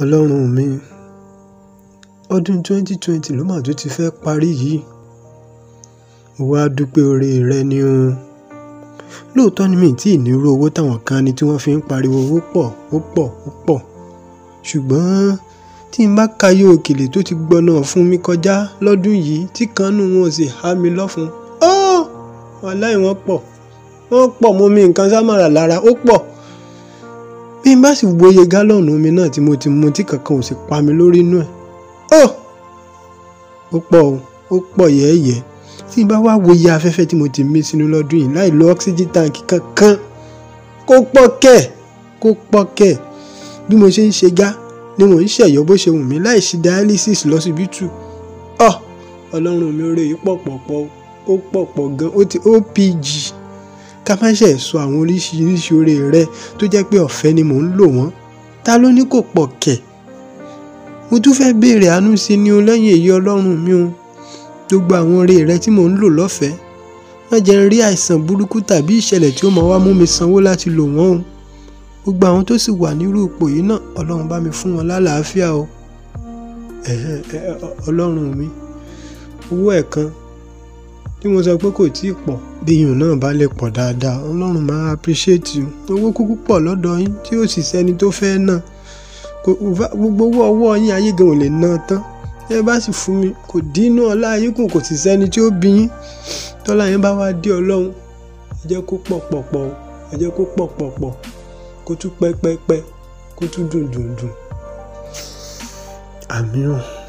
Ọlọ́run mi, ọdún 2020 ló mà tún ti fẹ́ parí yìí. Mo wá dúpẹ́ oore rẹ ni o. Lóòótọ́ ni mi tí ì ní irú owó táwọn kan ni tí wọ́n fi ń pariwo owó pọ̀, ó pọ̀, ó pọ̀. Ṣùgbọ́n tí n bá kayé òkèlè tó ti gbọ̀nà fún mi kọjá lọ́dún yìí tí kan nínú wọn ò sì há mi lọ́fun. Ó! Wàláì wọ́n pọ̀. Wọ́n pọ̀, mo mi nǹkan sámàrà lára, ó pọ̀ bí n bá sì wòye gálọ́ọ̀nù omi náà tí mo ti mu tí kankan ò sì pa mi lórí inú ẹ̀ oh! ó pọ̀ ó pọ̀ yẹ́ẹ̀yẹ́ tí n bá wá wòye afẹ́fẹ́ tí mo ti mí sínú lọ́dún yìí láì lo oxygen tank kankan kó pọ̀ kẹ̀ kó pọ̀ kẹ̀ bí mo ṣe ń ṣe gá ni mò ń ṣẹ̀yọ́ bó ṣe wù mí láì ṣe dialysis lọ́sibítù ọ oh! ọlọ́run mi ò rè é pọ̀pọ̀pọ̀ ó pọ̀pọ̀ gan ó ti opg ká má ṣe sọ àwọn oríṣiríṣi oore rẹ tó jẹ́ pé ọ̀fẹ́ ni mò ń lò wọ́n ta ló ní kò pọ̀ kẹ̀ mo tún fẹ́ béèrè àánú sí ni o lẹ́yìn èyí ọlọ́run mi o gbogbo àwọn oore rẹ tí mò ń lò lọ́fẹ̀ẹ́ má jẹ́ n rí àìsàn burúkú tàbí ìṣẹ̀lẹ̀ tí ó máa wá mú mi sanwó láti lò wọ́n o gbogbo àwọn tó sì wà nírú ipò yìí náà ọlọ́run bá mi fún wọn lálàáfíà o ọlọ́run mi owó ẹ̀kan tí mo sọ pé kò tí ì pọ̀ bí iyùn náà bá lè pọ̀ dáadáa ọlọ́run máa appreciate you owó kúkú pọ̀ lọ́dọ̀ yín tí ó sì sẹ́ni tó fẹ́ náà gbogbo owó ọwọ́ yín ayé gan ò lè ná tán ẹ bá sì fún mi kò dínú ọlá yín kù kò sì sẹ́ni tí ó bí yín tọ́lá yín bá wá dé ọlọ́run ẹ kó pọ̀ pọ̀ pọ̀ ẹ kó pọ̀ pọ̀ pọ̀ kó tún pẹ́ pẹ́ pẹ́ kó tún dùn dùn dùn àmíràn.